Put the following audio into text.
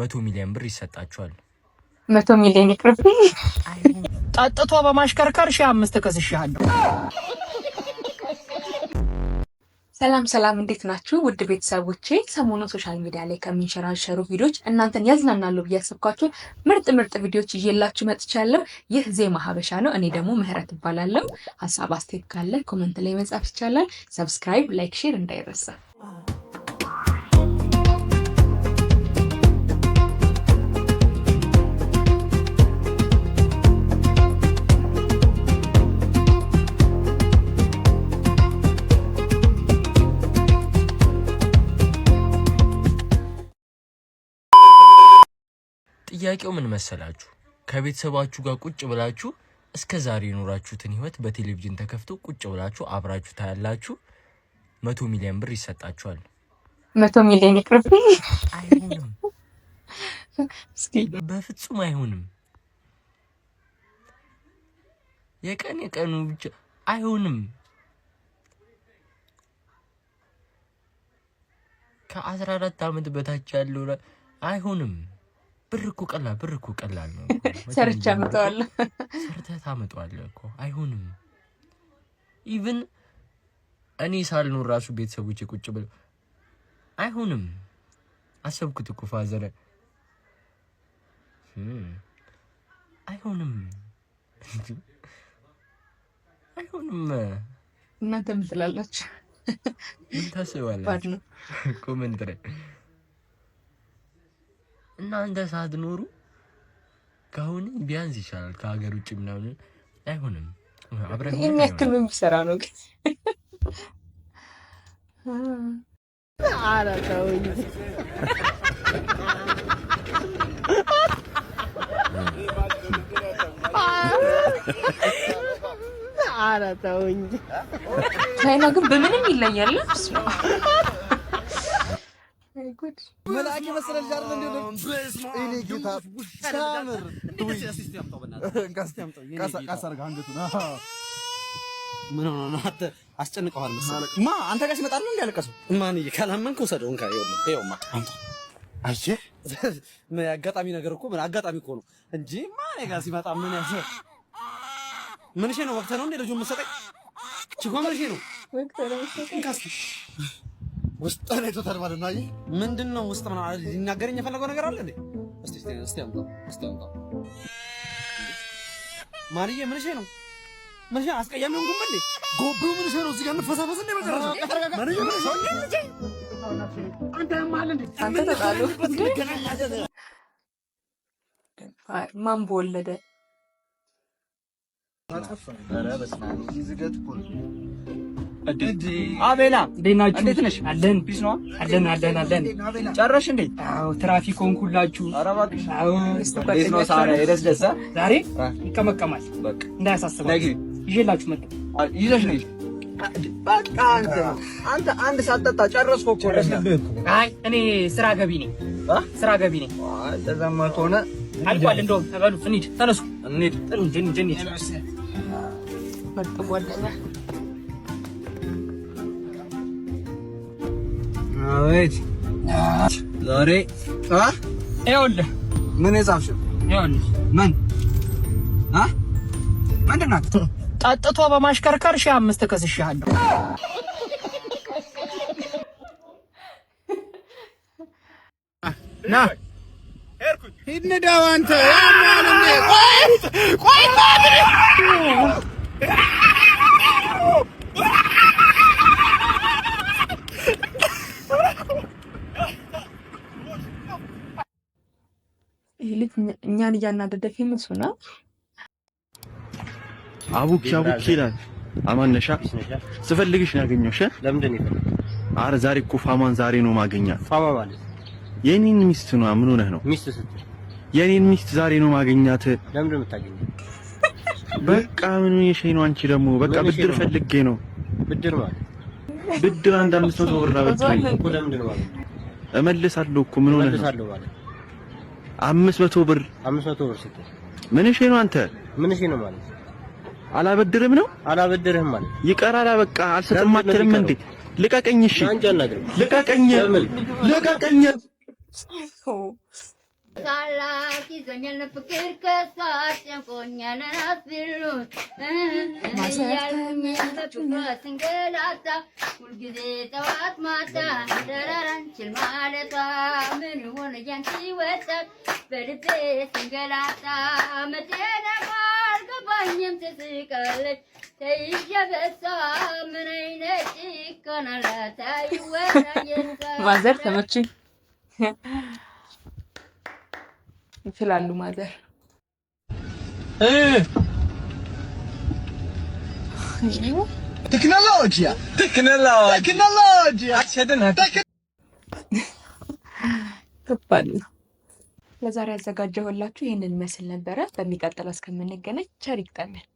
መቶ ሚሊዮን ብር ይሰጣችኋል። መቶ ሚሊዮን ይቅርብኝ። ጠጥቶ በማሽከርከር ሺህ አምስት ከስሻለሁ። ሰላም ሰላም፣ እንዴት ናችሁ ውድ ቤተሰቦቼ? ሰሞኑን ሶሻል ሚዲያ ላይ ከሚንሸራሸሩ ቪዲዮዎች እናንተን ያዝናናሉ ብዬ ያሰብኳቸው ምርጥ ምርጥ ቪዲዮዎች እየላችሁ መጥቻለሁ። ይህ ዜማ ሀበሻ ነው። እኔ ደግሞ ምህረት እባላለሁ። ሀሳብ አስተያየት ካለ ኮመንት ላይ መጻፍ ይቻላል። ሰብስክራይብ፣ ላይክ፣ ሼር እንዳይረሳ። ጥያቄው ምን መሰላችሁ? ከቤተሰባችሁ ጋር ቁጭ ብላችሁ እስከ ዛሬ የኖራችሁትን ህይወት በቴሌቪዥን ተከፍቶ ቁጭ ብላችሁ አብራችሁ ታያላችሁ። መቶ ሚሊዮን ብር ይሰጣችኋል። መቶ ሚሊዮን ይቅርብኝ፣ በፍጹም አይሆንም። የቀን የቀኑ ብቻ አይሆንም። ከአስራ አራት አመት በታች ያለው አይሆንም። ብር እኮ ቀላል ብር እኮ ቀላል ነው። ሰርቼ አመጣዋለሁ። ሰርተህ ታመጣዋለህ እኮ አይሆንም። ኢቭን እኔ ሳልኖር ራሱ ቤተሰቦች ቁጭ ብለው አይሆንም። አሰብኩት እኮ ፋዘረ አይሆንም አይሆንም። እናንተ ምን ትላላችሁ? ምን ታስባላችሁ? ኮመንት ላይ እናንተ ሳትኖሩ ከአሁን ቢያንስ ይሻላል። ከሀገር ውጭ ምናምን አይሆንም። ይህን ያክል በሚሰራ ነው ግን ቻይና ግን በምንም ይለያል። መልአክ የመሰለ ልጅ አይደል እኔ ጌታ ታምር ምን ሆኖ ነው? አስጨንቀዋል መሰለህ። ማ አንተ ጋር ሲመጣ ነው እንዲያለቀሱ ማን ካላመንክ ውሰደው። እንካ ይኸውማ አንተ አየህ፣ አጋጣሚ ነገር እኮ ምን አጋጣሚ እኮ ነው እንጂ ማን ጋር ሲመጣ ምን ያሰ ምን ሸነው ወቅተ ነው እንደ ልጁ መሰጠኝ ችኮ ምን ነው ወቅተ ነው ካስ ውስጥ አይቶታል ማለት ነው። አየህ ምንድን ነው ውስጥ ምናምን ሊናገረኝ የፈለገው ነገር አለ እንዴ? እስቲ እስቲ አምጣ እስቲ አምጣ ማርዬ፣ ነው ምንሽ አስቀያሚ ሆንኩም እንዴ? ምን ምንሽ ነው? እዚህ ጋር እንፈሳፈስ መጨረሻ ማርዬ፣ አንተ እንዴ? አንተ ተጣሉ ማን በወለደ ኧረ በስመ አብ ዝገት አቤላ እንዴት ነሽ? አለን አለን አለን አለን። ጨረሽ እንዴ? አዎ፣ ትራፊክ ሆንኩላችሁ። ደስ ደስ ዛሬ ይቀመቀማል። እንዳያሳስባችሁ ይዤላችሁ መጣሁ። ይዘሽ ነሽ በቃ አንተ አንድ ሳጠጣ ጨረስኩ እኮ። አይ እኔ ስራ ገቢ ነኝ፣ ስራ ገቢ ነኝ። እንደዛማ ከሆነ አልቋል። እንደውም ተበሉ እንሂድ፣ ተነሱ፣ እንሂድ አቤት። ዛሬ ይኸውልህ ምን የጻፍሽው? ይኸውልህ ምን አ ምንድን ናት? ጠጥቶ በማሽከርከር ሺህ አምስት ከስሻለሁ። ና ሂድ እኛን እያናደደፍ የምሱና ይላል። አማነሻ ስፈልግሽ ነው ያገኘሁሽ። ለምንድን ነው? ዛሬ እኮ ፋማን ዛሬ ነው ማገኛ። ፋማ ማለት የኔን ሚስት ነው። ምን ሆነህ ነው? ሚስት ስትል የኔን ሚስት ዛሬ ነው ማገኛት። ለምንድን ነው የምታገኘው? በቃ ምን ሆነሽ ነው አንቺ? ደግሞ በቃ ብድር ፈልጌ ነው። ብድር ማለት ብድር አንድ አምስት መቶ ብር አበድረኝ እኮ። ለምንድን ነው ማለት እመልሳለሁ እኮ ምን ሆነህ ነው? አምስት መቶ ብር አምስት መቶ ብር ስትል ምን እሺ ነው አንተ ምን እሺ ነው ማለት አላበድርም ነው አላበድርህም ማለት ይቀራል። በቃ አልሰጥም አትልም እንዴ? ልቀቀኝ! እሺ ልቀቀኝ! ልቀቀኝ! ሳላ ስንገላታ ሁልጊዜ ጠዋት ማታ ደራራንችል ማለቷ ምን ይሆን እያንቺ ወጣት በልቤ ስንገላታ አልገባኝም ትስቃለች ምን አይነት ማዘር ተመችኝ ይችላሉ ማዘር Tecnologia! Tecnologia! Tecnologia! ከባድ ነው። ለዛሬ ያዘጋጀሁላችሁ ይህንን መስል ነበረ። በሚቀጥለው እስከምንገናኝ ቸር ይግጠመን።